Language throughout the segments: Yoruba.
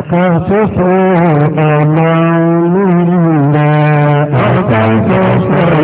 ọ̀kan ṣoṣo ọ̀nà olóyìnbá ọ̀kan ṣoṣo.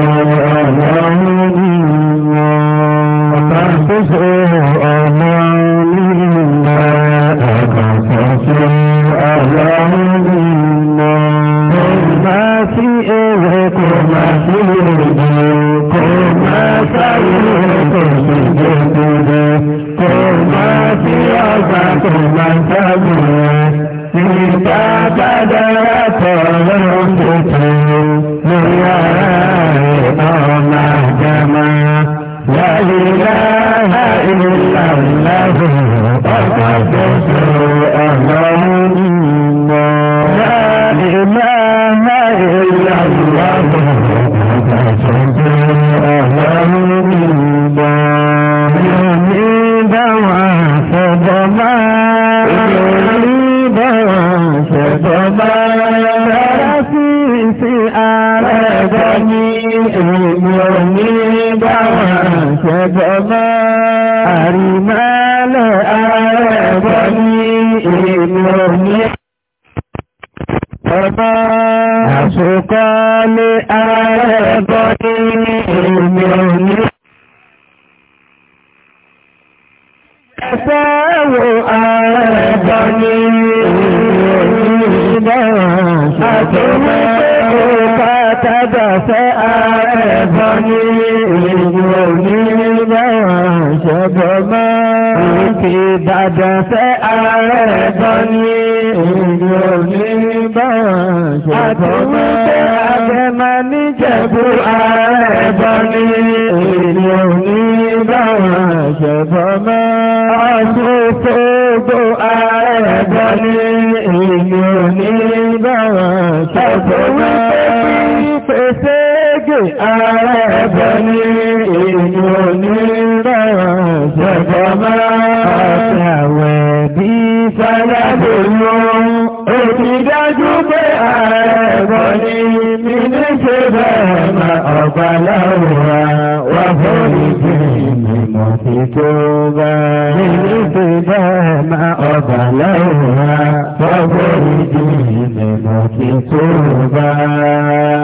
ọba ní ìlú ní ọba àṣùkọ́ ní ààrẹ ẹ̀kọ́ ní ìlú ní ẹ̀fẹ́ wo ààrẹ ẹ̀kọ́ ní ìlú ní àtúnwé òkà tàbà fẹ́ ààrẹ ẹ̀kọ́ ní ìlú ní ìlú ní ìlú ìbàdàn fẹ́ ààrẹ bọ́ ní èdè òní báwọn àti wípé abẹ́mà níjẹ̀bú ààrẹ bọ́ ní èdè òní báwọn àṣẹ̀bọ́ máa ọ̀sùn fógbó ààrẹ bọ́ ní èdè òní báwọn àṣẹ̀bọ́ máa pèsè gè ààrẹ bọ́ ní èdè òní Jọ̀gbọ́n máa ṣàwẹ̀ bí sáyàbò lọ. Èmi dájú pé ààrẹ ni mi ní ṣe bẹ́ẹ̀ máa ọ̀gbà láwùrá wà fún ìdí ìmọ̀ sí tó bá. Mi ní ṣe bẹ́ẹ̀ máa ọ̀gbà láwùrá wà tó bá.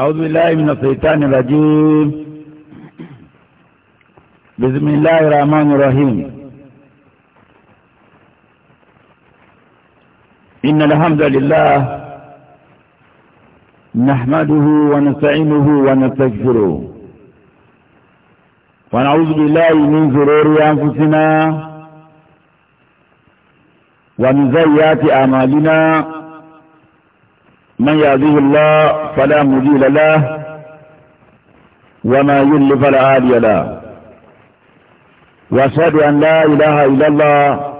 أعوذ بالله من الشيطان الرجيم بسم الله الرحمن الرحيم إن الحمد لله نحمده ونستعينه ونستغفره ونعوذ بالله من شرور أنفسنا ومن سيئات أعمالنا من يهده الله فلا مجيل له وما يل فلا هادي له واشهد ان لا اله الا الله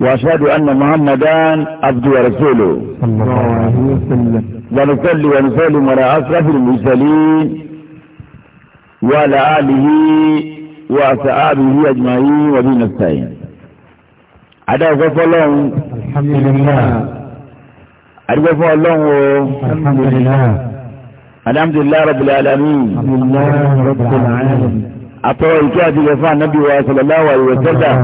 واشهد ان محمدا عبده ورسوله صلى الله عليه وسلم ونصلي ونسلم على اشرف المرسلين وعلى اله وصحابه اجمعين وبه السائل. عدا فصلهم الحمد لله àdúgbò fún ọlọ́run o alhamdulilayi rabbil alamin àtọ̀rọ̀ ìkẹ́ àti ìgbẹ́ fún anábì wa sallallahu alaihi wa sallam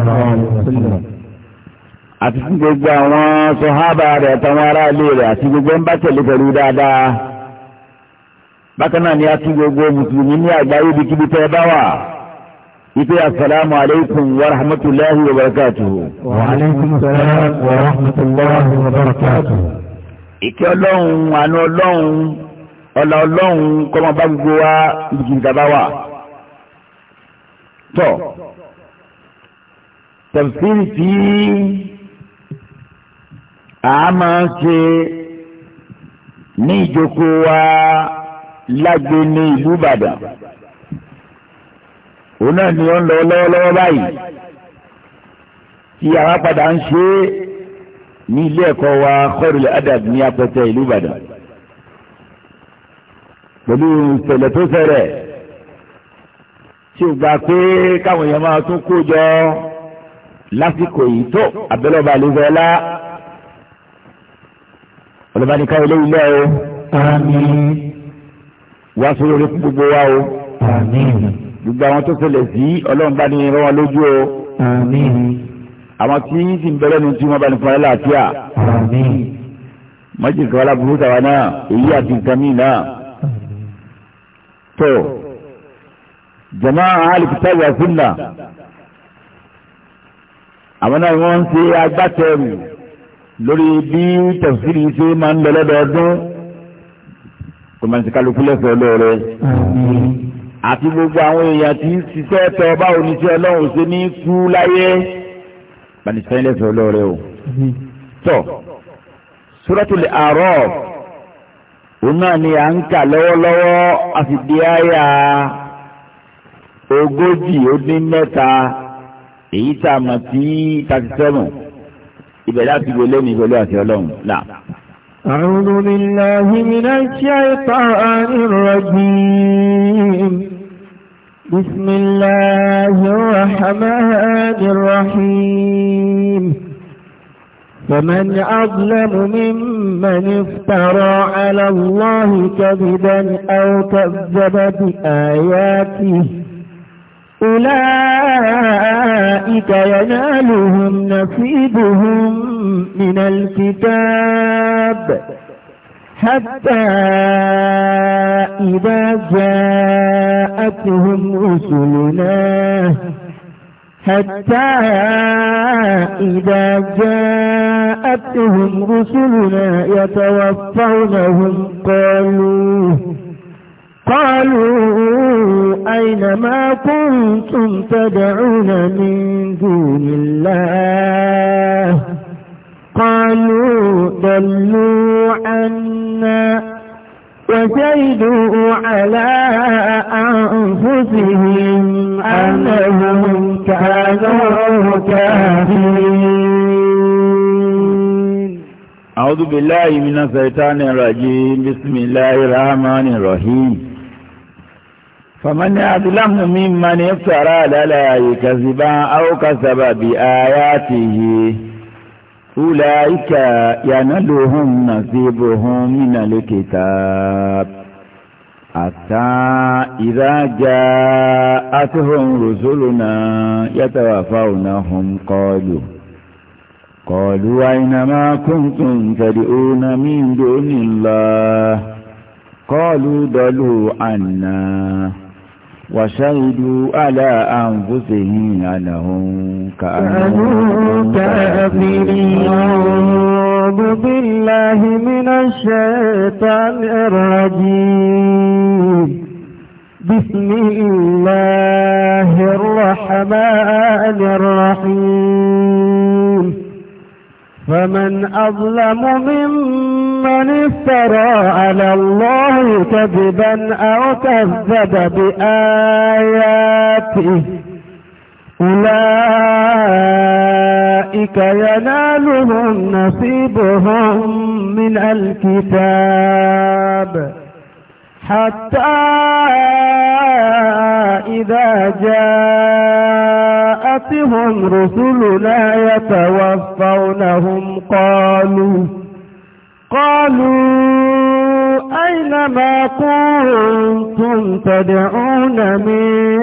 àti fún gbogbo àwọn sọ̀hábà rẹ̀ àtàwọn ará ilé rẹ̀ àti gbogbo ń bá tẹ̀lé pẹ̀lú dáadáa bákan náà ni a tún gbogbo mùsùlùmí ní àgbáyé ibikíbi tẹ́ bá wà ipe asalaamu aleykum wa rahmatulahi wa barakatuhu. wa aleykum salaam wa rahmatulahi wa barakatuhu ìkẹ́ ọlọ́run àánú ọlọ́run ọlá ọlọ́run kọ́mọ bá gbogbo wa jìjìǹkà bá wà. tọ́ tẹ̀síìrì tí a máa ń ṣe ní ìjókòó wa lágbe ní ìlú Ìbàdàn òun náà ni ó ń lọ lọ́wọ́lọ́wọ́ báyìí tí àwa padà ń ṣe é ní ilé ẹ̀kọ́ wa Khairul Adab ní apẹtẹ ìlú Ìbàdàn pẹ̀lú ìṣẹ̀lẹ̀ tó ṣẹlẹ̀ tí o gbà pé káwọn èèyàn máa tún kó jọ lásìkò yìí tó abẹ́lọ́ba àlejò ọlá ọlọ́bánikà olóyún ilé o wá sórí orí gbogbo wa o gbogbo àwọn tó ṣẹlẹ̀ sí ọlọ́run bá ní ìrànwọ́ lójú o àwọn tí yín sì ń bẹ̀rẹ̀ ní tí wọ́n bá ní fún aláàfíà májì kan aláburú tàwa náà èyí àti nǹkan míì náà tó jamaa alìkítàbí àfúnà àwọn náà wọ́n ń ṣe agbátẹrù lórí bí tẹ̀síìrì ṣe máa ń lọ lọ́dọọdún kò lẹ́sọ̀ọ́ lọ́rẹ́ àti gbogbo àwọn èèyàn tí ń ṣiṣẹ́ tọ́ báwo ni tí ọlọ́run ṣe ní kú láyé kàní sẹ́yìn lẹ́sẹ̀ olóore o. Hmm. tọ́ suratul A'raf òun náà ni à ń kà lọ́wọ́lọ́wọ́ a sì di àyà ogójì ó dín mẹ́ta èyí tá a mọ̀ sí thirty seven ibẹ̀ láti wọlé ní pẹ̀lú àti ọlọ́run náà. أعوذ بالله من الشيطان الرجيم بسم الله الرحمن الرحيم فمن أظلم ممن افترى على الله كذبا أو كذب بآياته أولئك ينالهم نصيبهم من الكتاب حتى إذا جاءتهم رسلنا حتى إذا جاءتهم رسلنا يتوفونهم قالوا قالوا أين ما كنتم تدعون من دون الله قالوا دلوا عنا وشهدوا على أنفسهم أنهم كانوا كافرين أعوذ بالله من الشيطان الرجيم بسم الله الرحمن الرحيم فمن أظلم ممن افترى على كذبا أو كذب بآياته أولئك ينالهم نصيبهم من الكتاب حتى إذا جاءتهم رسلنا يتوفونهم قالوا قالوا أين ما كنتم تدعون من دون الله قالوا ضلوا عنا وشهدوا على أنفسهم أنهم كافرين أعوذ بالله من الشيطان الرجيم بسم الله الرحمن الرحيم فمن أظلم ممن افترى على الله كذبا أو كذب بآياته أولئك ينالهم نصيبهم من الكتاب حتى إذا جاء جاءتهم رسلنا يتوفونهم قالوا قالوا أين ما كنتم تدعون من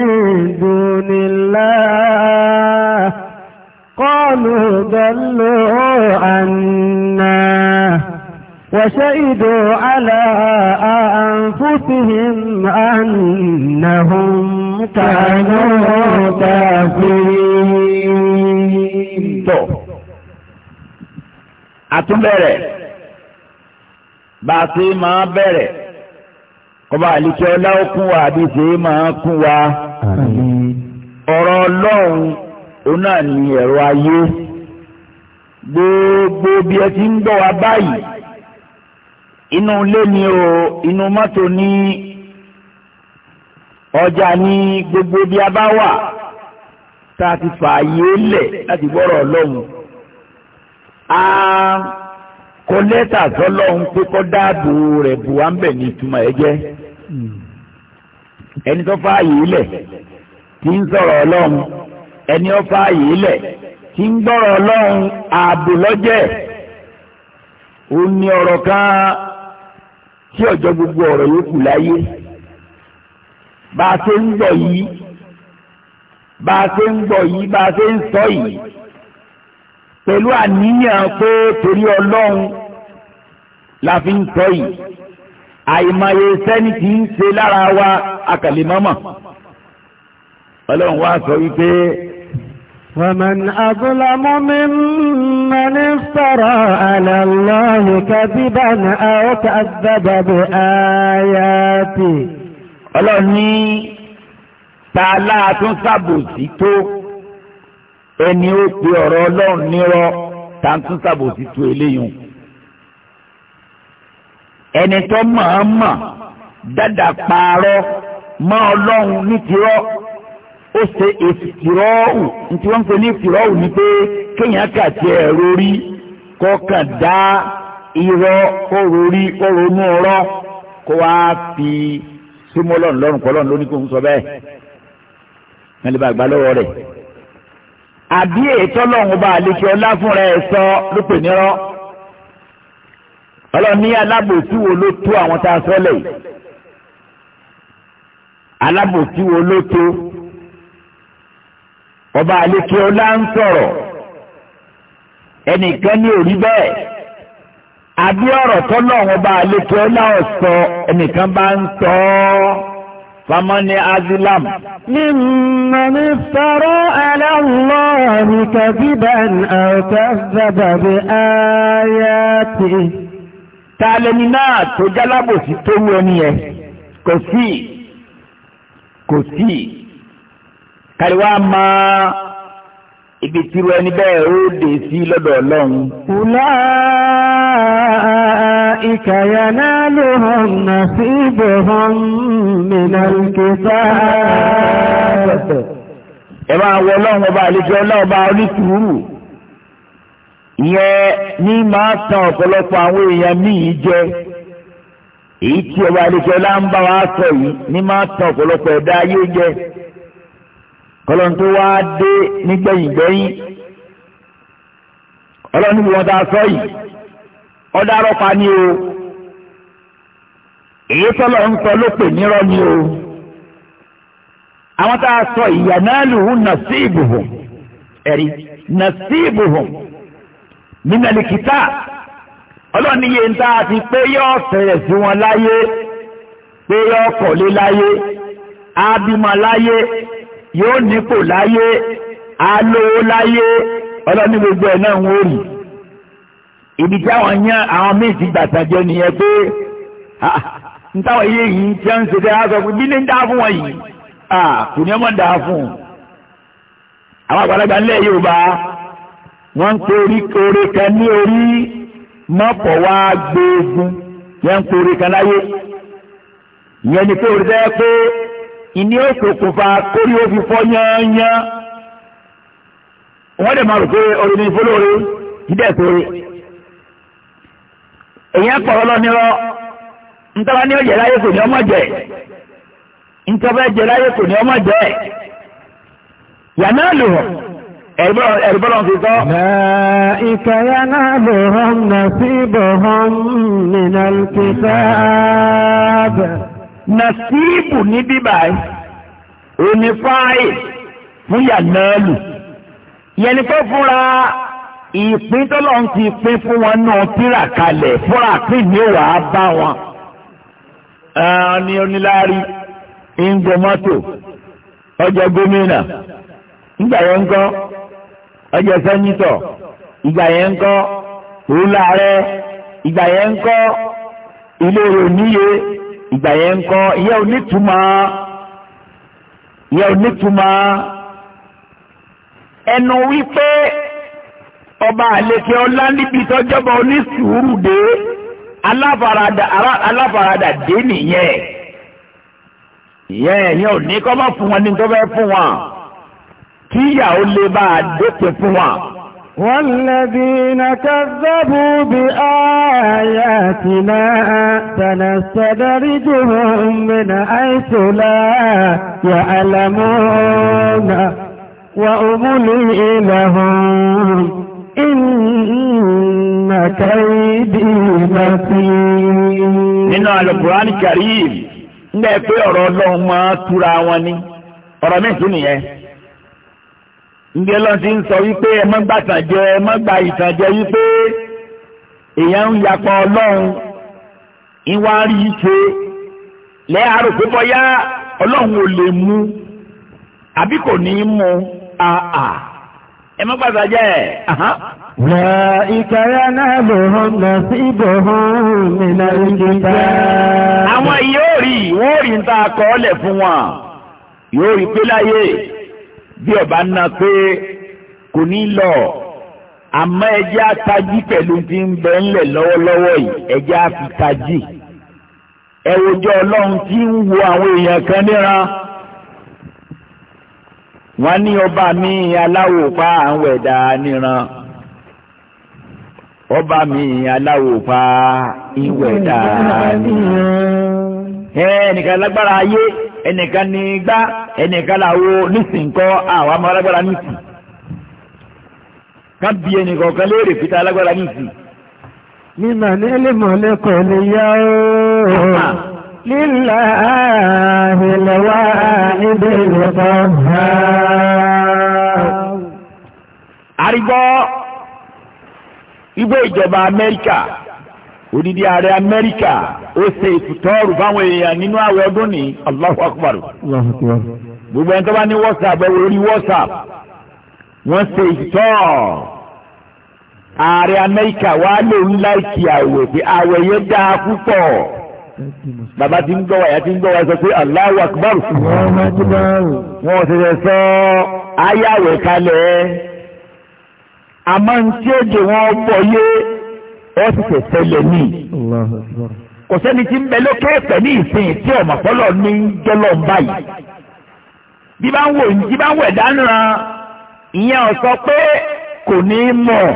دون الله قالوا دلوا عنا وشهدوا على أنفسهم أنهم كانوا كافرين àtúnbẹ̀rẹ̀ bá a ṣe máa bẹ̀rẹ̀ kọba àlìkẹ́ ọlá ó kún wa ọ̀rọ̀ ọlọ́run ni ẹ̀rọ ayé gbogbo bí ẹ ti wa báyìí inú ilé ni o inú mọ́tò ní ọjà ní gbogbo bí a bá wà tá a ti fààyè lẹ̀ láti gbọ́rọ̀ ọlọ́run a kọ lẹ́tà sọlọ́run pé kọ́ dáàbò rẹ̀ bù wá ń bẹ̀ ní ìtumọ̀ ẹ jẹ́ ẹni tó fààyè lẹ̀ tí ń sọ̀rọ̀ ọlọ́run ẹni ó fààyè lẹ̀ tí ń gbọ́rọ̀ ọlọ́run ààbò lọ́jẹ́ ó ní ọ̀rọ̀ kan tí ọjọ́ gbogbo ọ̀rọ̀ yòókù láyé bá a ṣe ń gbọ́ yìí bá a ṣe ń gbọ́ yìí bá a ṣe ń sọ yìí pẹ̀lú àníyàn pé torí ọlọ́run la fi ń sọ yìí àìmọye sẹ́ni kì í ṣe lára wa àkàlẹ́mọ́mọ́ ọlọ́run wá sọ wípé. ومن أظلم ممن افترى على الله كذبا أو كذب بآياته ọlọ́ni tààlà tún ṣàbòsí tó ẹni ó pe ọ̀rọ̀ ọlọ́run nírọ́ tá a tún ṣàbòsí tó eléyìí ẹni tó mọ̀ọ́mọ̀ dáadáa pààrọ̀ mọ́ ọlọ́run ní ó ṣe ìfìrọ́ọ̀hù tí wọ́n ń pè ní ìfìrọ́ọ̀hù ni pé kéèyàn kàtí ẹ̀ rórí kọ́kàn dá irọ́ kó rórí kó ronú ọ̀rọ̀ kó wá fi súnmọ́ lọ́run lọ́run kọ́ lọ́run lónìí kó ń sọ bẹ́ẹ̀ wọ́n lè bá gbà lọ́wọ́ rẹ̀. àbí ètò ọlọ́run bá àlejò ọlá fúnra ẹ̀ sọ ló nírọ́ ọlọ́run ní alábòsí wo ló tó àwọn tá a sọ lẹ̀ yìí alábòsí wo ló tó ọba àlekè ọlá ń sọ̀rọ̀ ẹnìkan ní òrí bẹ́ẹ̀ àbí ọ̀rọ̀ tọ́lọ̀ ọba àlekè ọlá ọ̀sọ ẹnìkan bá ń sọ ọ́ famani azilam. mímọ́ni sọ̀rọ̀ aláwọ̀ àríkà bíbá àwòkà zábàbí ayáti. ta lẹni náà tó jálábòsí tó wú ẹni yẹn kò sí kò sí. kàríwá ma ibi tíru ẹni bẹ́ẹ̀ ó dé sí lọ́dọ̀ ọlọ́run. Ùlá ìkàyà náà ló hàn nà sí ibò hàn Ẹ wọ ọlọ́run ọba àlejò ọlọ́run ọba onísùúrù. Ìyẹn ní máa tan ọ̀pọ̀lọpọ̀ àwọn èèyàn míì jẹ. Èyí tí ọba àlejò ọlá ń bá wa sọ yìí ní máa kọlọ́n tó wá dé nígbẹ̀yìngbẹ̀yìn ọlọ́run wọn ta a sọ yìí ọ̀darọ̀ pa ni o èyí tọ́lọ̀ ń sọ ló pè ni o àwọn tá a sọ ìyà náà lùhù nasibuhum ẹ̀rí nasibuhum tá a ti pé sí wọn láyé yóò nípò láyé alówó láyé ọlọ́ni gbogbo ẹ̀ náà ń wórì ibi tí àwọn yẹn àwọn míì ti gbàtàjọ nìyẹn pé ah, ah, n táwọn iye yìí tí wọ́n ń ṣe dáa sọ pé bí ní ń dáa fún wọn yìí ah, kò ní ọmọ dáa fún un àwọn àgbàlagbà ńlẹ̀ Yorùbá wọ́n ń pe orí kan ní orí mọ́pọ̀ wá gbé yẹn ń pe kan láyé ìyẹn ni pé orí tẹ́ pé ìní ó ṣokùnfà torí ó fi fọ́ yányán wọ́n dẹ̀ máa rò pé orin ní fọlọ́ọ̀rẹ́ jídẹ̀ sórí èyí ẹ̀pọ̀ ọlọ́nirọ́ ntọ́ba ní ọ̀jẹ̀ láyé kò ní ọmọ jẹ ntọ́ba ẹ̀jẹ̀ láyé kò ní ọmọ jẹ yàná lò wọ́n ẹ̀rùbọ́lọ́n fi sọ. Ìkà ya náà lè nà sí ibò hàn nínú ìkìtà ààbẹ̀. Nasibu ní bíbáyìí òní fáyì fún yànnẹ́lù yẹni tó fúnra ìpín tọ́lọ́ ń ti pín fún wọn náà tíra kalẹ̀ fúnra pín ní wàá bá wọn. ní oníláárí ìjọ mọ́tò ọjọ́ gómìnà ìgbà yẹn ń kọ́ ọjọ́ sẹ́nitọ̀ ìgbà yẹn ń kọ́ òun láàrẹ ìgbà yẹn ń kọ́ ilé ìròníye ìgbà yẹn ń kọ́ ìyẹ́ onítùmọ̀ ìyẹ́ onítùmọ̀ ẹnu wípé ọba àlekè ọlá níbi tọ́jọ́bọ onísùúrù dé aláfaradà aláfaradà dé nìyẹn ìyẹn ìyẹn ò ní kọ́ bá fún wọn ní tó fẹ́ fún wọn kíyà ó lè bá a dópin fún wọn. والذين كذبوا بآياتنا سنستدرجهم من حيث لا يعلمون وأملي لهم إن كيدي متين nínú Al-Qur'an Karim ń bẹ́ẹ̀ pé ọ̀rọ̀ Ọlọ́run máa túra wọn ní ndị lọ́n ti ń sọ wípé ẹ má gbàtàjẹ ẹ má ìtàjẹ wípé èèyàn ń yapa ọlọ́run ìwà rí i ṣe lẹ́yàrá pé bọ́yá ọlọ́run ò lè mú àbí kò ní í mú àà ẹ má gbàtàjẹ ẹ̀. ذَٰلِكَ si نَصِيبُهُم àwọn yóò rí wọ́n rí ń ta fún wọn yóò rí pé láyé. bí ọba ń na pé kò ní lọ àmọ́ ẹjẹ́ àtají pẹ̀lú ti ń bẹ ńlẹ̀ lọ́wọ́lọ́wọ́ yìí ẹjẹ́ àfitají ẹwùjọ ọlọ́run tí ń wo àwọn èèyàn kan níran wọ́n ní ọba mi aláwò pa àwọn ẹ̀dá níran ọba mi aláwò pa ìwẹ̀dá níran ẹ ẹnìkan lágbára ayé ẹnìkan ní gbá. ẹnìkan làwo nísìnkọ́ àwọn ọmọ alágbára nísì ká bí ẹnìkan kan léèrè pété alágbára nísì. mi mà ní ẹlẹ́mọ̀lẹ́ kò lè yá o. lílà ìlẹ̀wà níbi ìlẹ̀kọ́ àrígbọ́ ibé ìjọba Amẹ́ríkà odidi ààrẹ Amẹ́ríkà ó ṣe ìfùtọ́rù fáwọn èèyàn nínú àwẹ̀ ọdún ní Allahu Akbar gbogbo ẹni tó bá ní whatsapp ẹ wò lórí whatsapp wọ́n ṣe ìtọ́ ààrẹ amẹ́ríkà wà lóun láìkí àwẹ̀ pé àwẹ̀ yẹn dáa púpọ̀ bàbá ti ń gbọ́ wa ìyá ti ń gbọ́ wa sọ pé Allahu Akbar wọ́n ṣẹ̀ṣẹ̀ sọ ayáwẹ̀ kalẹ̀ àmọ́ ní tí ó dè wọ́n bọ̀ yé wọ́n ti fẹ̀ tẹ́lẹ̀ ní. kò sẹ́ni tí ń bẹ lókè ẹ̀pẹ̀ ìsìn tí ọ̀mọ̀pọ̀lọ́ ní jọlọ́ọ̀ báyìí bí bá ń wò bí bá ń wẹ̀ dáńran ìyẹn ò sọ pé kò ní í mọ̀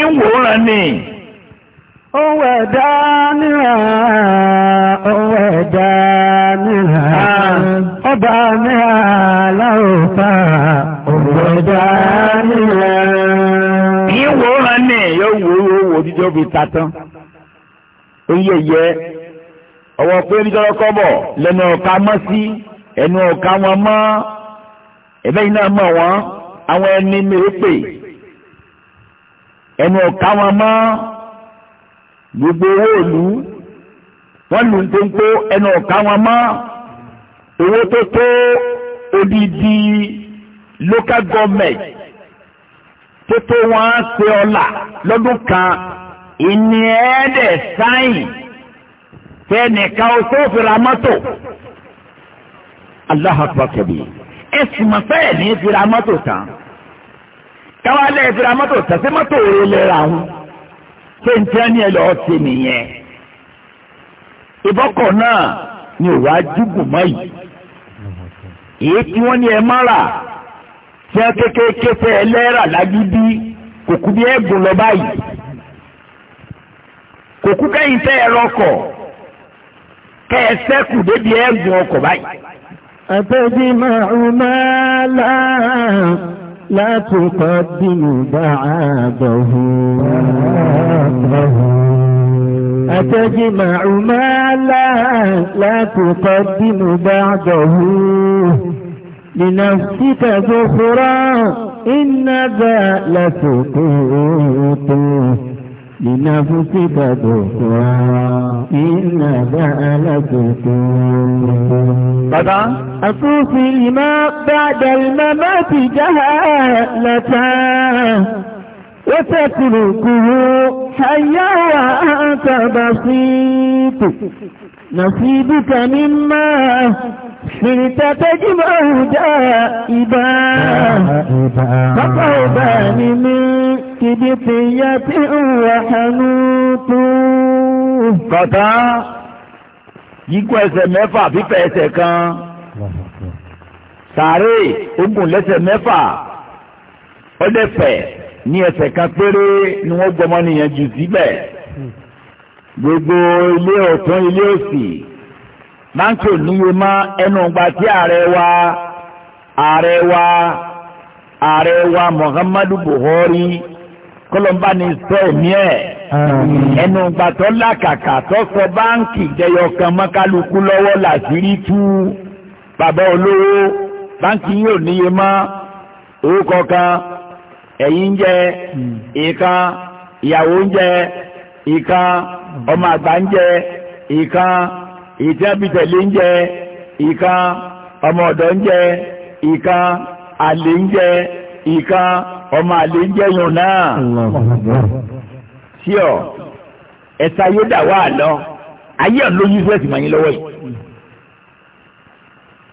ń wòran ni. ó wẹ̀ dáńran ó wẹ̀ dáńran ah. ọba mi aláòfà ó wẹ̀ dáńran. ń wòran ni yóò wò ó wò ó jíjọ́ bí ta tán ó yẹ yẹ ọwọ́ pé níjọ́rọ́ kọ́bọ̀ lẹ́nu ọ̀ka mọ́ sí ẹnu ọ̀ka wọn mọ́ ẹ̀bẹ́ iná mọ̀ wọ́n àwọn ẹni mèrèpè ẹnu ọ̀ka wọn mọ́ gbogbo owó ìlú wọ́n lù tó ń kó ẹnu ọ̀ka wọn mọ́ owó tó tó odidi local government tó tó wọn á ṣe ọ̀la lọ́dún kan ìní ẹ̀ẹ́dẹ̀ sáyìn tẹ́nìkan ó tó fi ra mọ́tò Allahu Akbar kabir ẹ sì mọ̀ fẹ́ẹ̀ ní fi ra mọ́tò tán káwá lẹ́yìn fi ra mọ́tò tán sí mọ́tò òye lẹ́ra wọn pé n lọ́ọ́ ṣe nìyẹn ìbọ́kọ̀ náà ni ò wá dùgùn èyí tí wọ́n ní ẹ má rà kékeré tẹ ẹ lẹ́rà lágídí kò kú bí ẹ̀gùn lọ báyìí kò kẹ́yìn tẹ́ ẹ rọkọ̀ kẹ́ẹ̀sẹ́ kù débi ẹ̀gùn ọkọ̀ báyìí. àtẹ́jú máa ń máa lá látòkọ́ dínú bá àbọ̀hù. àtẹ́jú máa ń máa lá látòkọ́ dínú bá àbọ̀hù. لنفسك غفرا إن ذا لسقوط لنفس تدوكا إن فعلتكم أصوفي لما بعد الممات جهالة وتتركه حيا وأنت بسيط نصيبك مما صرت تجمع دائبا فقربان من كبطية وحنوط kọ̀tá yíkú ẹsẹ̀ mẹ́fà fífẹ̀ ẹsẹ̀ kan sàárè ogun lẹ́sẹ̀ mẹ́fà ọdẹ́fẹ̀ ní ẹsẹ̀ kan péré ni wọ́n gbọmọ nìyẹn jù síbẹ̀ gbogbo ilé ọ̀tún ilé òsì báńkì òníye má ẹnu ọgbà tí ààrẹ wa ààrẹ wa Muhammadu Buhari kọlọmba ni sọ èmi ẹ ẹnu ọgbà tó làkàkà tó sọ làṣírí tú bàbá kan. ẹ̀yin ń jẹ hmm. ìkan ìyàwó ń jẹ ìkan ọmọ àgbà ń jẹ ìkan ìtẹ́bìtẹ̀lé ń jẹ ìkan ọmọ ọ̀dọ́ ń jẹ ìkan àlè ń jẹ ìkan ọmọ àlè ń yùn náà sí ọ ẹ̀ta yóò dà lọ ayé ọ̀n ló mọ̀ yín lọ́wọ́ yìí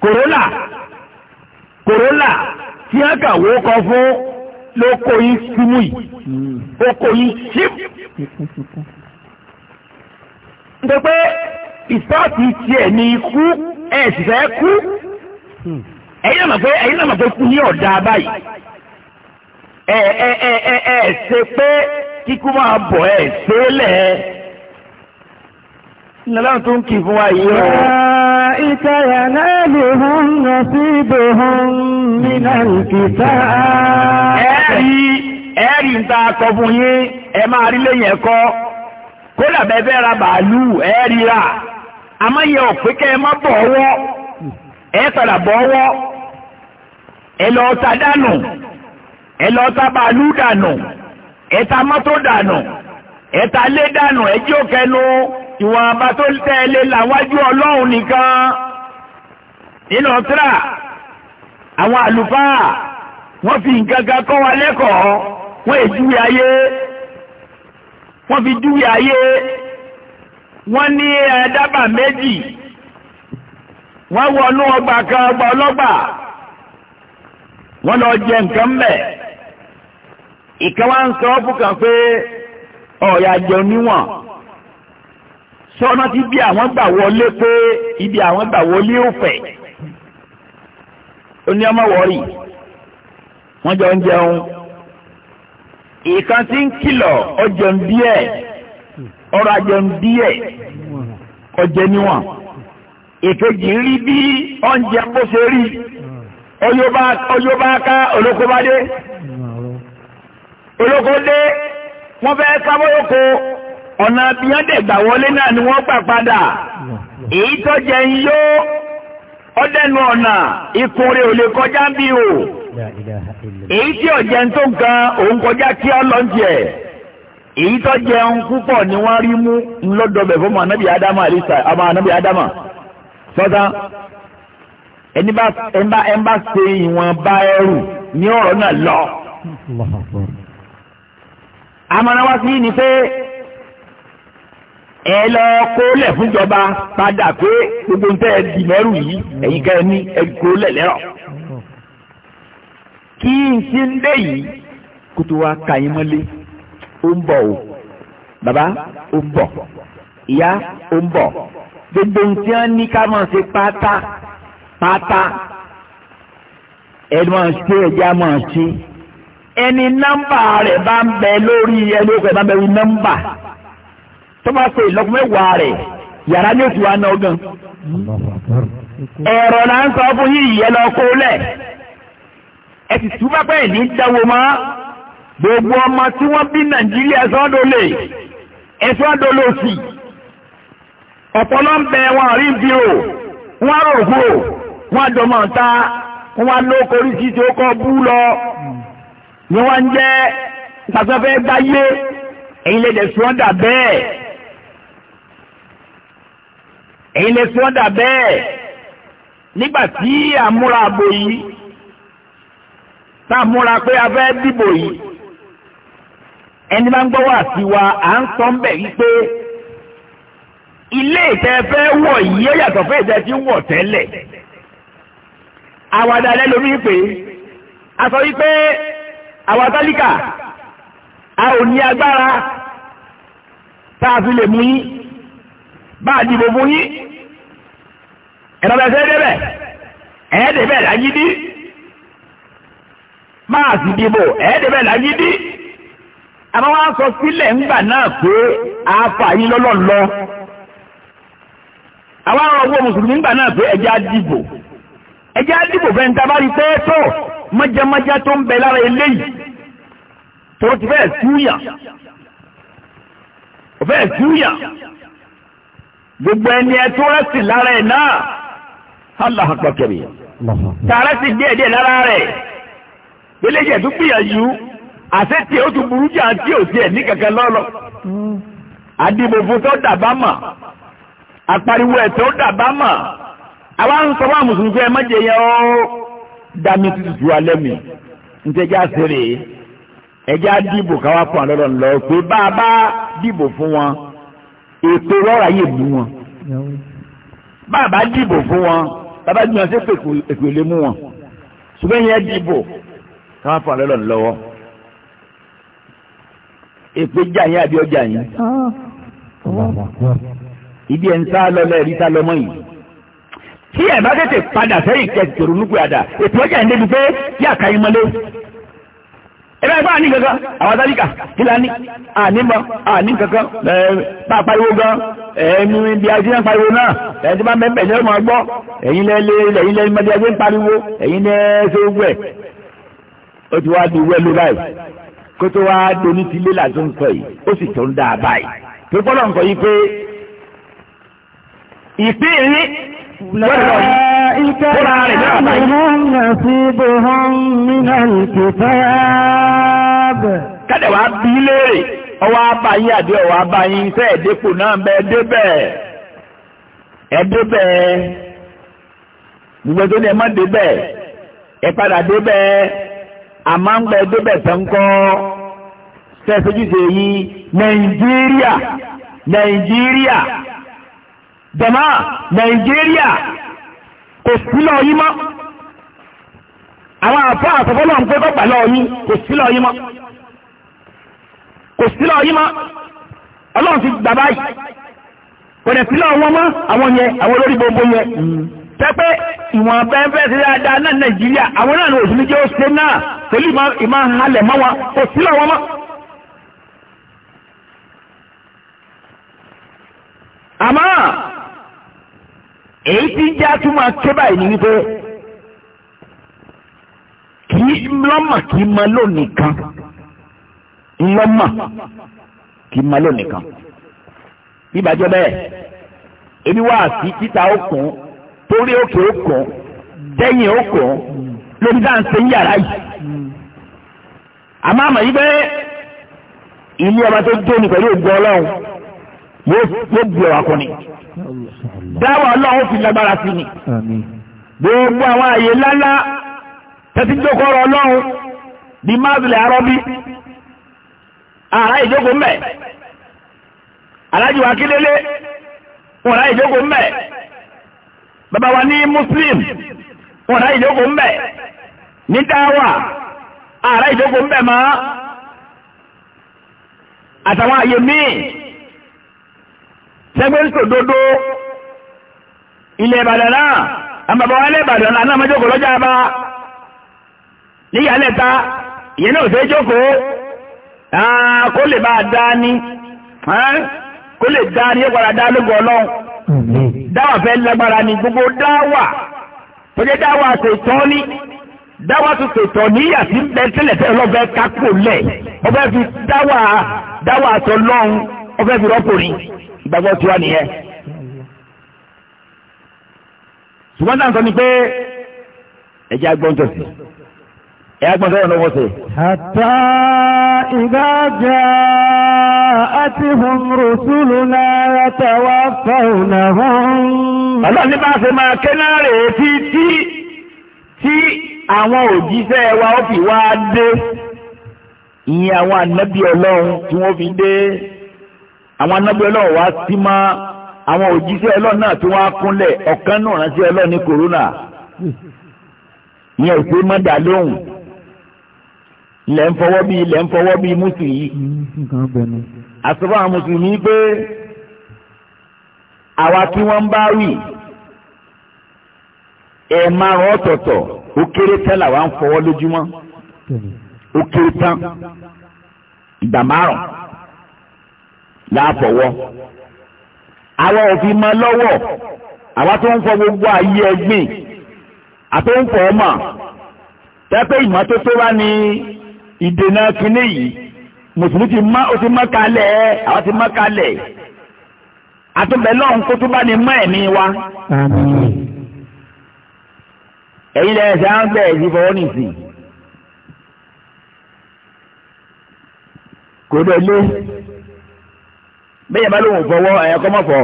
kòrólà kòrólà tí wọ́n kà wó kọ fún ló kó yín símú yìí ó kó yín ṣíp. nítorí pé ìsáàtì tiẹ̀ ní ikú ẹ̀ sì fẹ́ kú ẹ̀yin náà mọ̀ pé ẹ̀yin náà mọ̀ pé kú ní ọ̀dà báyìí ẹ̀ ẹ̀ ẹ̀ ẹ̀ ẹ̀ ṣe pé kíkú máa bọ̀ ẹ̀ ṣe lẹ̀ ẹ̀. tó ń kì fún wa yìí ó. أولئك ينالهم نصيبهم من الكتاب ẹ̀rí ń ta akọ yín ẹ máa rí lẹ́yìn ẹ̀kọ́ kódà bẹ́ẹ̀ ra bàálù eri ra àmọ́ ọ̀pẹ́ kẹ́ ẹ má bọ̀ ọwọ́ ẹ padà bọ̀ ọwọ́ ẹ bàálù dànù ẹ ta mọ́tò dànù ẹ ìwọ̀n àbá tó tẹ́lẹ̀ làwájú ọlọ́run nìkan nínú tíra àwọn àlùfáà wọ́n fi nǹkan kan kọ́ wa lẹ́kọ̀ọ́ wọ́n èjúwe ayé wọ́n fi júwe ayé wọ́n ní ẹ̀ẹ́dábà méjì wọ́n wọnú ọgbà kan ọgbà ọlọ́gbà wọ́n lọ jẹ nǹkan mẹ́ ìkan wá ń sọ ọ́ fún kan pé ọ̀yà jẹun níwọ̀n sọ́nà tí bí àwọn gbà wọlé pé ibi àwọn gbà wọlé ò fẹ̀ ó ní ọmọ wọ̀ọ́rì wọ́n jọ ń jẹun ìkan tí ń kìlọ̀ ọjọ́ ń bí ẹ̀ ọrọ̀ ajọ́ ń bí ẹ̀ ọjẹ́ níwọ̀n ìkejì rí bí oúnjẹ bó ṣe rí ọyọ́ bá ká olóko bá dé olóko dé wọ́n fẹ́ sábọ́ yókò. ọ̀nà abiyandẹ̀gbà wọlé náà ni wọ́n gbà padà èyí tó jẹ ń yó ọdẹnu ọ̀nà ìkùnrin ò lè kọjá o èyí tí ọ̀jẹ̀ ń tó gan òun kọjá kí ọ lọ jẹ èyí tó jẹun púpọ̀ ni wọ́n rí mú ńlọ́dọ̀bẹ̀ fún ọmọ anábì adama ẹ lọ kó lẹ̀ fúnjọba padà pé gbogbo nǹkan ẹ dì mẹ́rù yìí ẹ̀yin ká ẹ ní ẹ kó lẹ̀ lẹ́rọ̀. kí n ti ń dé yìí kó tó wá ka yín mọ́lé ó ń bọ̀ o bàbá ó ń bọ̀ ìyá ó ń bọ̀ gbogbo nǹkan ní ká máa ṣe pátá pátá ẹ máa ṣe ẹja máa ṣe ẹni nọ́mbà rẹ̀ bá ń bẹ lórí ẹni ó fẹ́ bá ń bẹ lórí nọ́mbà tó bá ṣe ìlọ́kùn mẹ́wàá rẹ̀ yàrá ní òtù wa náà gan. ẹ̀rọ là ń sọ fún yìí yẹ lọ kó lẹ̀ ẹ ti tú bá pẹ́ ní dáwọ́ mọ́ gbogbo ọmọ tí wọ́n bí nàìjíríà sọ́dọ̀lẹ̀ ẹ̀sọ́dọ̀lọ́sì ọ̀pọ̀lọ́ ń bẹ wọn rí bí o wọn rò hù o wọn dọ̀mọ̀ ta wọn ló korí sí tí kọ́ bú lọ ni wọ́n jẹ́ ìtàsọ́fẹ́ gbáyé èyí lè dẹ̀ sọ́dà bẹ́ẹ̀ ẹ̀yin lè fi wọ́n dà bẹ́ẹ̀ nígbà tí àmúra àbò yìí tá a múra pé a fẹ́ dìbò yìí ẹni máa ń gbọ́ wá sí wa à ń sọ ń bẹ̀ wípé ilé ìtẹ́ fẹ́ wọ̀ yìí ó yàtọ̀ fún ìtẹ́ tí ń wọ̀ tẹ́lẹ̀ àwàdà rẹ lórí pé a sọ wípé àwa tálíkà a ò ní agbára tá a fi lè mú yín bá a dìbò mú yín ẹ̀rọ̀bẹ̀sẹ̀ débẹ̀ ẹ̀ẹ́dẹ̀bẹ̀ lágídí máa sì dìbò ẹ̀ẹ́dẹ̀bẹ̀ lágídí àmọ́ wọ́n á sọ sílẹ̀ ńgbà náà pé àáfà yín lọ́lọ́ lọ àwọn àwọn ọgbọ́n mùsùlùmí ńgbà náà pé ẹjẹ́ á dìbò ẹjẹ́ á dìbò fẹ́ ń ta bá rí pé tó mọ́jẹ́mọ́já tó ń bẹ lára eléyìí tó ti fẹ́ súyàn ò fẹ́ súyàn gbogbo ẹni ẹ tó rẹ́sì lára ẹ̀ náà allah akpa kẹbi tààrà sì díẹ̀ díẹ̀ lára rẹ̀ eléyìí ẹtù gbìyànjú àti tí o tún burú jẹ àti òsì ẹ ní kẹkẹ lọlọ àdìbòfò tó dàbá mà àpariwo ẹ tó dàbá mà àwa ń sọ wá mùsùlùmí ẹ má jẹ yẹ ọ dami tutù alẹ mi ntẹjá sèré ẹjá dìbò káwá fún àlọ́ lọ pé bá dìbò fún wọn ètò rọra yìí bú wọn bá dìbò fún wọn bàbá jùlọ sí pé èpè ò lè mú wọn ṣùgbọ́n yẹn dìbò ká má fọ àlọ́ lọ́nà lọ́wọ́ èpè jà yín àbí ọjà yín ìdí ẹ̀ ń sá lọ lẹ́ẹ̀rí sá lọ́mọ yìí tí ẹ̀ bá tètè padà sẹ́yìn kẹsìtòrò nípò àdá èpè ọjà yín débi pé kí àkàyìn mọ́lé ẹ̀rọ ẹ̀fọ́ àní kankan àwọn sáríkà kí lá ní àní mọ́ àní kankan bá a pariwo gan ẹnu ibi ajé ń pariwo náà ẹni tí bá mẹ́bẹ̀ ní ọmọ gbọ́ ẹ̀yin lẹ́lẹ́ ẹ̀yin lẹ́yìn mẹ́bẹ̀ ajé ń pariwo ẹ̀yin lẹ́ẹ̀ṣẹ́ ogun ẹ̀ ó ti wá di wẹ́lú báyìí kó tó wá doni ti lé làtó ń sọ yìí ó sì tó ń dáa báyìí tó gbọ́dọ̀ nǹkan yìí pé ìpín ìrí lọ́dọ̀ yìí. أولئك لهم نصيبهم من الكتاب كده وعبد ليه ọwọ́ abáyé àbí ọwọ́ abáyé ń fẹ́ ẹ̀dẹ́pò náà ń bẹ gbogbo tó ní ẹ má ẹ padà àmọ́ ń bẹ sẹ́ńkọ́ yìí nàìjíríà nàìjíríà nàìjíríà kò mọ́ àwọn àfọ ń pẹ́ kọ́ pàlọ́ kò mọ́. kò sí lọ yí ma ọlọ́run ti gbà báyìí kò dẹ̀ sí lọ wọn mọ́ àwọn yẹn àwọn olórí gbogbo yẹn tẹ́pẹ́ ìwọ̀n abẹ́fẹ́ sí dáadáa náà nàìjíríà àwọn náà ní òṣèlú jẹ́ ó ṣe náà pẹ̀lú ìmọ̀ halẹ̀ mọ́ wọn kò sí lọ wọn mọ́. àmọ́ èyí tí ń já túmọ̀ ké báyìí ní kì í lọ́mọ̀ kì í mọ lónìí kan. ńlọ́mà kì í ma lónìí kan ìbàjọ́ bẹ́ẹ̀ ebi wá sí títa okùn torí òkè okùn dẹ́yìn okùn lórí dáǹsẹ̀ yàrá yìí àmọ́ àmọ́ yìí bẹ́ẹ̀ ilé ọba tó dóni pẹ̀lú ògbọ́ ọlọ́run yóò gbé ọ̀rọ̀ akọni dáwà ọlọ́run fi lágbára sí ni gbogbo àwọn àyè ńláńlá tẹ́tí jókòó ọ̀rọ̀ ọlọ́run bí máàbìlẹ̀ arọ́bí àrá ìjókòó ń bẹ̀ alájùwà kílélé wọn àrá ìjókòó ń bẹ̀ bàbá wa ní muslim wọn àrá ìjókòó ń bẹ̀ ní dáwà àrá ìjókòó ń bẹ̀ mọ́ àtàwọn àyè míì sẹ́gbẹ́ntò dodo ilẹ̀ ìbàdàn náà àbàbà wa ilẹ̀ ìbàdàn náà náà mọ́jókòó lọ́jà bá níyàlẹ́ta ìyẹn náà ò fẹ́ jókòó. Ah, kó lè bá dá ní kó lè dá ní ẹgbàra dá lógo ọlọ́run dáwà fẹ́ lágbára ní gbogbo dáwà tó jẹ́ dáwà ṣètọ́ ní dáwà tó ṣètọ́ ní àti tẹ́lẹ̀tẹ́ ọlọ́fẹ́ kápò lẹ̀ ọfẹ́ fi dáwà dáwà tó lọ́run ọfẹ́ fi rọ́pò ní ìgbàgbọ́ tiwa nìyẹn. ṣùgbọ́n táwọn sọ ni pé ẹ̀jẹ̀ agbọ́ntọ̀sí ẹgbọ́n tó yẹ lọ́wọ́ sí. Hatta idha ja'atuhum rusuluna yatawaffawunahum. Ọlọ́run ní bá ṣe máa ké náà rè tí tí tí àwọn òjíṣẹ́ wa ó fi wá dé. Ìyẹn àwọn ànábì ọlọ́run tí wọ́n fi dé. Àwọn ànábì ọlọ́run wá sí mọ́ àwọn òjíṣẹ́ ọlọ́run náà tí wọ́n á kúnlẹ̀ ọ̀kan náà rántí ọlọ́run ní kòrónà. Ìyẹn ò sí ilẹ̀ ń fọwọ́ bí ilẹ̀ ń fọwọ́ bí mùsùlùmí. Mm, àsọ̀rọ̀ àwọn mùsùlùmí pé àwa tí wọ́n ń bá wì ẹ̀ márùn ọ̀tọ̀ọ̀tọ̀ ó kéré tán làwa ń fọwọ́ lójúmọ́ ó kéré tán ìgbà márùn láàfọwọ́ àwa òfin máa lọ́wọ́ àwa tó ń fọ gbogbo ayé ẹgbìn àtó ń fọ ọmọ tẹ́pẹ́ ìmọ́tótó wá ní ìdènà kínní yìí mùsùlùmí ti má ó ti má kalẹ̀ àwọn ti má kalẹ̀ àtúbẹ̀lọ́hún kó tó bá ní mọ́ ẹ̀mí wa. ẹ̀yin lẹ́yìn ṣe á ń bẹ̀rẹ̀ sí fọwọ́ nìsí. kò dé lé bẹ́ẹ̀ bá lóun fọwọ́ ẹ̀yà kọ́ mọ̀ fọ́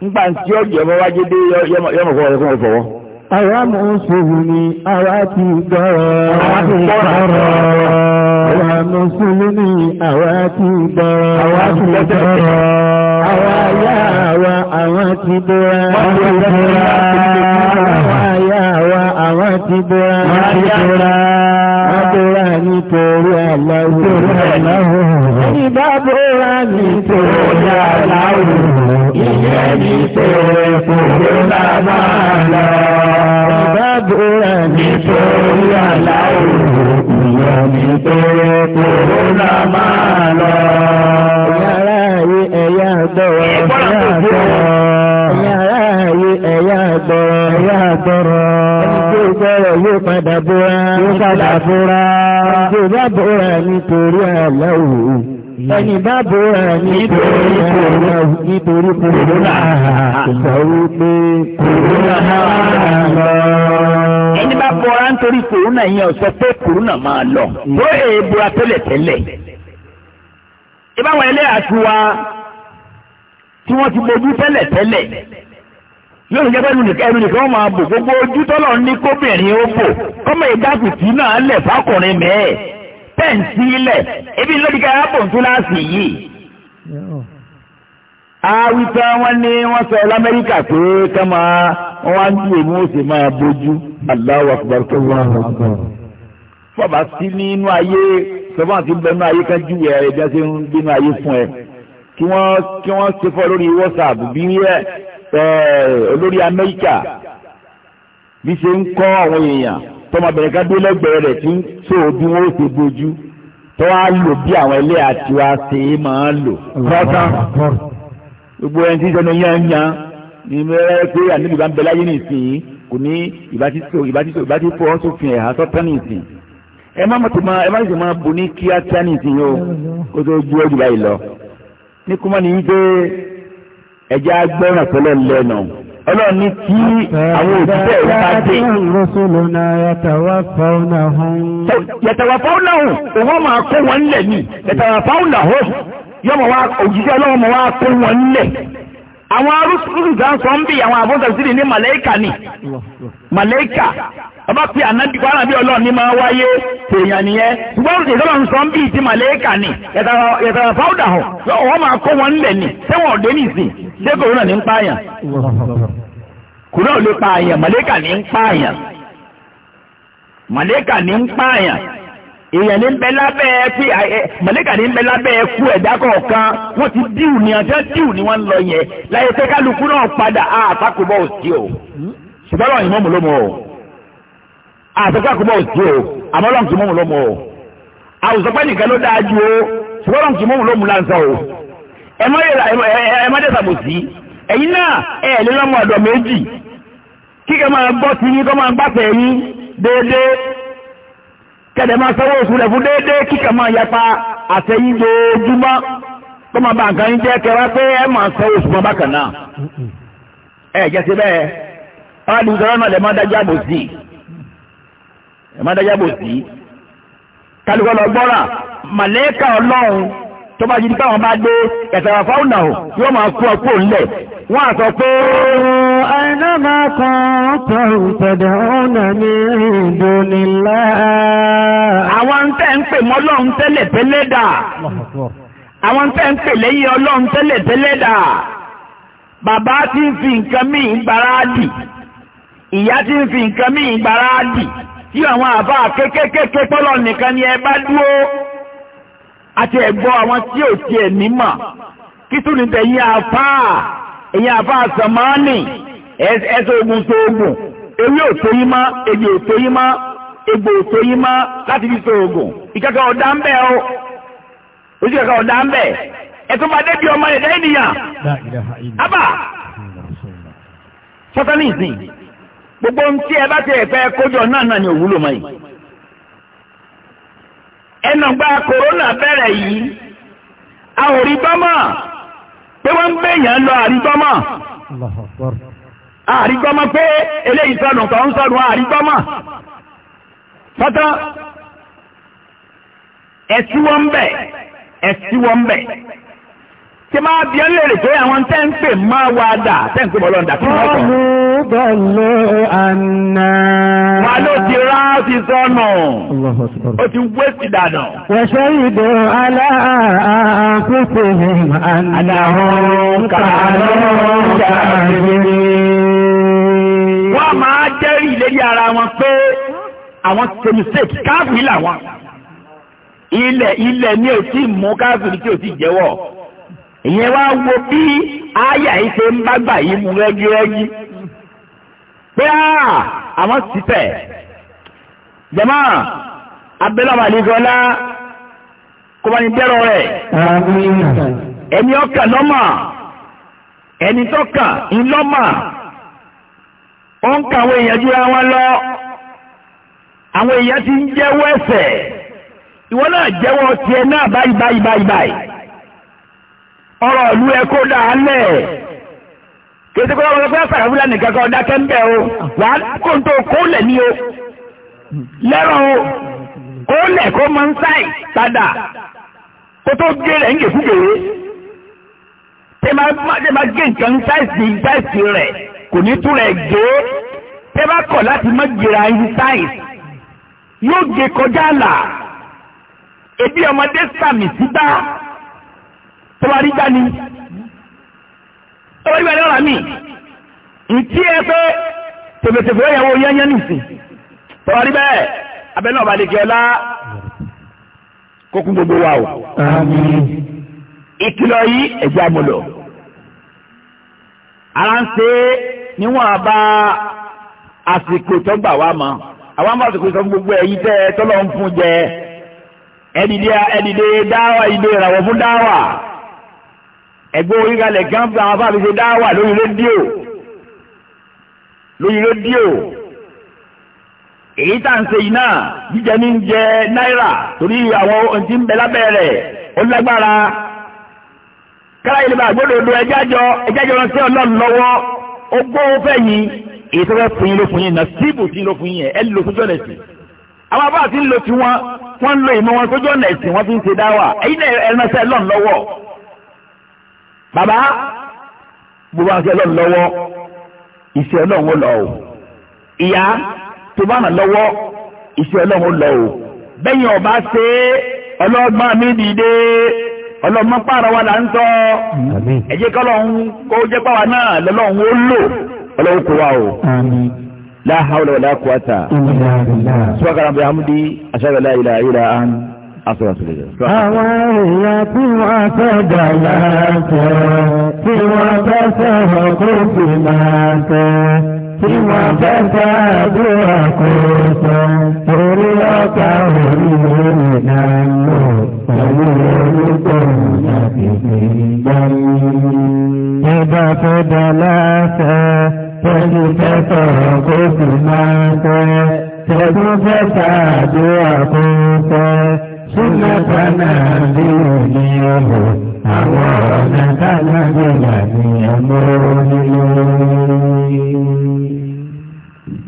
nígbà tí ó jẹ́ fọwájú dé yọmọ fọwọ́ ẹ̀kọ́ mọ̀ fọwọ́. àwa mò ń sòwò ni àwa ti gbọ́rọ̀ àwa ti gbọ́rọ̀ mùsùlùmí àwa ti bọ́rọ̀. Àwa ti bọ́rọ̀. Àwa ayá àwa àwọn ti bọ́ra. Wọ́n ti bọ́ra. Àwa ayá àwa àwọn ti bọ́ra. Wọ́n ti bọ́ra. Wọ́n bọ́ra nítorí aláwọ̀. Nítorí aláwọ̀. Ẹni bá bọ́ra nítorí aláwọ̀. Ìyẹn nítorí kòkó náà máa lọ. Ìbá bọ́ra nítorí aláwọ̀ èèyàn ní pé kòrónà máa lọ. ẹ̀yà aráàlú ẹ̀yà àgbọ̀rọ̀ ẹ̀yà àgbọ̀rọ̀ ẹ̀yà aráàlú ẹ̀yà àgbọ̀rọ̀ ẹ̀yà àgbọ̀rọ̀. ẹni tó gbọ́rọ̀ yóò padà bóra. yóò padà bóra. ẹni tó bá bóra nítorí àlọ́ òun ẹni bá bóra nítorí kòrónà nítorí kòrónà sọ wípé kòrónà máa lọ. ẹni bá bóra nítorí kòrónà yẹn ó sọ pé kòrónà máa lọ bó èèbùra e tẹ́lẹ̀tẹ́lẹ̀ ìbáwọn ẹlẹ́yà tí wa tí wọ́n ti bojú tẹ́lẹ̀tẹ́lẹ̀ yóò ní jẹ́pẹ́ ẹnu nìkan wọ́n máa bò gbogbo ojú tọ́lọ̀ ní kóbìnrin ó bò kọ́mọ ìdákùtì náà lẹ̀ fákùnrin mẹ́ẹ̀ tẹ̀ǹtì ilẹ̀ ebi lórí ká yàgò ńtúláàsì yìí. awitọ wọn ni wọn sọ lamẹrika pé kama wọn wá ń bí èmi ó sì máa bójú aláwọ àkùbárúkọ wọn. fọba sí nínú ayé sọfún àti bẹnu ayé kan jù ẹ ẹbí ẹsẹ ń bínú ayé fún ẹ kí wọn kí wọn ṣe fọ lórí whatsapp bí ẹ olórí amẹríkà bí ṣe ń kọ àwọn èèyàn tọmọbìnrin kan dúró lẹ́gbẹ̀ẹ́ rẹ̀ tí tó bí wọ́n ó ti bójú tó wá lò bí àwọn ilé àti wa ṣe é máa ń lò. gbogbo ẹni tí sẹ́nu yán yán ni mẹ́rẹ́ pé àníbi bá ń bẹ láyé nìsín kò ní ìbátítò ìbátítò ìbátítò ọ̀sùn fi ẹ̀hà sọ́tán nìsín. ẹ má mọ̀tò máa ẹ má sì máa bò ní kíákíá nìsín o kó tó ju ọjọ́ báyìí lọ. ní kúmọ́ ni yí pé ẹja gbẹ́ràn pẹ́lẹ́ lẹ́nu. ọlọ́run ní tí àwọn òjíṣẹ́ rẹ̀ bá dé. yàtàwà fáwọnà hùn. òun máa kó wọn lẹ̀ ni yàtàwà fáwọnà hùn yọmọ wa òjíṣẹ́ ọlọ́run máa kó wọn lẹ̀. àwọn arúgbó sọ ń bì àwọn àbúrò sí ni màlẹ́kà ni màlẹ́kà ọba pé ànábì kwara bí ọlọ́run ní máa wáyé nìyẹn ṣùgbọ́n sọ ń bí ti màlẹ́kà ni ẹ̀tàrà fáwọ́dà hàn wọ́n máa kó wọn ni tẹ́wọ̀n òde nìsín ṣé kòrónà ní ń pààyàn kòrónà ò lè pààyàn màlẹ́kà ní ń pààyàn màlẹ́kà ní ń pààyàn èèyàn ní bẹ lábẹ́ pé ní bẹ lábẹ́ ẹ̀dá kọ̀ọ̀kan wọ́n ti díù ní ọjọ́ díù ni wọ́n ń lọ yẹn láyé pé kálukú náà padà àpapọ̀ bọ́ òsì o ṣùgbọ́n o. àtẹ̀kọ́ àkọ́bọ̀ òtí o àmọ́ lọ́n ti a lọ́mọ o àwùjọpẹ́ nìkan ló ju o ṣùgbọ́n lọ́n o sàbòsí ẹ̀yin náà ẹ̀ ọ̀dọ̀ méjì kíkẹ́ máa kọ́ máa yín déédéé máa oṣù rẹ̀ fún déédéé kíkẹ́ máa yapa àtẹ̀yìn kọ́ máa bá nǹkan jẹ́ pé ẹ máa oṣù bákan ẹ jẹ́ sí bẹ́ẹ̀ náà dájú ẹ má dájá bò sí kálukọ́ lọ gbọ́ra màlẹ́kà ọlọ́run tó bá jí táwọn bá dé ẹ̀sàrà fáwọnà ò yóò máa kú ọkú òǹlẹ̀ wọ́n á sọ pé. àìná máa kan tọrù tẹ̀dẹ̀ ọ̀nà ní ìdúnilá. àwọn tẹ́ ń pè mọ́ ọlọ́run tẹ́lẹ̀ tẹ́lẹ̀ dà. àwọn tẹ́ ń pè lẹ́yìn ọlọ́run tẹ́lẹ̀ tẹ́lẹ̀ dà. bàbá ti ń fi nǹkan míì gbára dì. ìyá ti ń fi nǹkan míì gbára dì tí àwọn àbá kékékéké tọ́lọ̀ nìkan ni ẹ bá dúró àti ẹ̀gbọ́ àwọn tí ò tiẹ̀ nímọ̀ kí tún ní tẹ̀yìn àbá ẹ̀yìn àbá sàmánì ẹ̀sẹ̀ ogun tó ogun ewé òtó yín má èdè òtó yín má egbò òtó yín má láti fi so ogun ìkẹ́kẹ́ ọ̀dà ń bẹ̀ o ojú kẹ́kẹ́ ọ̀dà ń bẹ̀ ẹ̀tún bá débi ọmọ ẹ̀dá ènìyàn abà sọ́tánì ìsìn gbogbo ohun tí ẹ bá ti ẹ̀fẹ́ kójọ náà náà ni òwúlò mọ́ yìí ẹnàgbà kòrónà bẹ̀rẹ̀ yìí a ò rí bọ́mọ̀ pé wọ́n ń gbèyàn lọ àrígbọ́mọ̀ àrígbọ́mọ̀ pé eléyìí sọnù kan ń sọnù àrígbọ́mọ̀ tọ́tọ́ ẹ̀sí wọn bẹ̀ ẹ̀sí wọn bẹ̀ ṣe máa bí ọ́n lèrè pé àwọn tẹ́ ń pè máa wá dà tẹ́ ń pè bọ́ lọ́dà kí wọ́n kọ́. ọ̀rọ̀ bẹ̀lẹ̀ àná. wà ló ti rá ti sọnù. ó ti wé sí dànù. wẹ̀ṣẹ́ ìbò aláàfíìsì àdáhùn wọ́n máa jẹ́rìí lérí ara wọn pé àwọn tèmísèkì káàfin làwọn. ilẹ̀ ilẹ̀ ni ò tí mú káàfin tí ò tí jẹ́wọ́ ìyẹn wá wo bí àyà yìí ṣe ń bá gbà yìí mu rẹ́gírẹ́gí pé àwọn ti tẹ̀ jẹ̀mọ́ abẹ́lọ́mọ àlejòọ́lá kó bá ní dẹ́rọ rẹ̀ ẹni ọkà lọ́mọ ẹni tọ́kà ńlọ́mọ ó ń kàwé èèyàn jura lọ àwọn èèyàn ti ń jẹ́wọ́ ẹ̀ṣẹ̀ ìwọ náà jẹ́wọ́ tiẹ̀ náà báyìí báyìí báyìí báyìí ọ̀rọ̀ ìlú ẹ kó dáa lẹ̀ kéde kó lọ́wọ́ fẹ́ fàyà fúlàní kankan dákẹ́ ń bẹ̀ o wàá kó n tó kó lẹ̀ ní o lẹ́rọ̀ o kó lẹ̀ kó mọ ń sáì padà kó tó gé rẹ̀ ń gèkúgèrè tẹ máa gé nǹkan sáìsì sáìsì rẹ̀ kò ní tú rẹ̀ gé tẹ bá kọ̀ láti má gbéra ẹni sáìsì yóò gé kọjá là ebi ọmọdé sàmì síta tó bá rí jáde tó bá rí bẹ́ẹ̀ lọ́ra mi ìtí ẹ pé tèbètèbè ó yẹwò yẹnyẹ nìsín tó bá rí bẹ́ẹ̀ abẹ́ náà bá lè kẹ́ ọlá kókún gbogbo wa o. ìkìlọ̀ yìí ẹ̀jẹ̀ àmọ̀lọ̀ ara ń ṣe níwọ̀n bá àsìkò tó gbà wá mọ́ àwọn àmọ́ àsìkò sọ gbogbo ẹ̀yin tẹ́ tọ́lọ́ ń fún jẹ ẹ̀dìdẹ́ dáwà ilé ìràwọ̀ fún dáwà ẹgbẹ́ orígalẹ̀ gan bí àwọn bábí ṣe dá wà lórí rédíò lórí rédíò èyí tá à ń ṣe yìí náà jíjẹ ní jẹ náírà torí àwọn ohun tí ń bẹ lábẹ́ rẹ̀ ó lágbára kára ìlú àgbọ̀dọ̀ ọdún ẹjájọ ẹjájọ lọ sí ọlọ́run lọ́wọ́ ó gbówó fẹ́ yín èyí tó fẹ́ fún yín ló fún yín náà síbù tí ló fún yín yẹn ẹ lò fún jọ́nà ẹ̀sìn àwọn abáà ti ń lo tiwọn wọ́n ń lo ìmọ̀ wọn sójú ọ̀nà ẹ̀sìn wọ́n fi ń ṣe dáwà ẹ̀yin náà ẹ̀rọ bàbá bó bá ṣe ọlọ́run lọ́wọ́ ìṣẹ́ ọlọ́run ó lọ o ìyá tó bá ràn lọ́wọ́ ìṣẹ́ ọlọ́run ó lọ o bẹ́yìn ọba ṣe ọlọ́gbọ́n mi dìde ọlọ́mọ pààrọ̀ wa là ń sọ ẹ̀jẹ̀ kọ́lọ́run kó jẹ́ pàwọ́ náà lọ́lọ́run ó lò ọlọ́run kó wa o. la hawla wala quwwata. sọ́kàrà bẹ̀rẹ̀ amúdi aṣáájú aláìláyìlá àánú. Asọ́rọ̀ sílẹ̀ jẹ́. Àwọn èèyàn tí wọ́n sọ̀dà máa tẹ̀, tí wọ́n bẹ́ sọ̀rọ̀ kó sì máa tẹ̀, tí wọ́n bẹ́ sàdúrà kó sọ, torí ọ̀gá òní lónìí náà ń lò, pẹ̀lú orúkọ láti fi gbọ́. Ìgbà tó dà láṣẹ, tẹ́lú fẹ́ sọ̀rọ̀ kó sì máa tẹ̀, tẹ́lú fẹ́ sàdúrà kó sọ súnmọ́ tánà bí òní ọ̀rọ̀ àwọn ọ̀nà tánà bí ọmọ orílẹ̀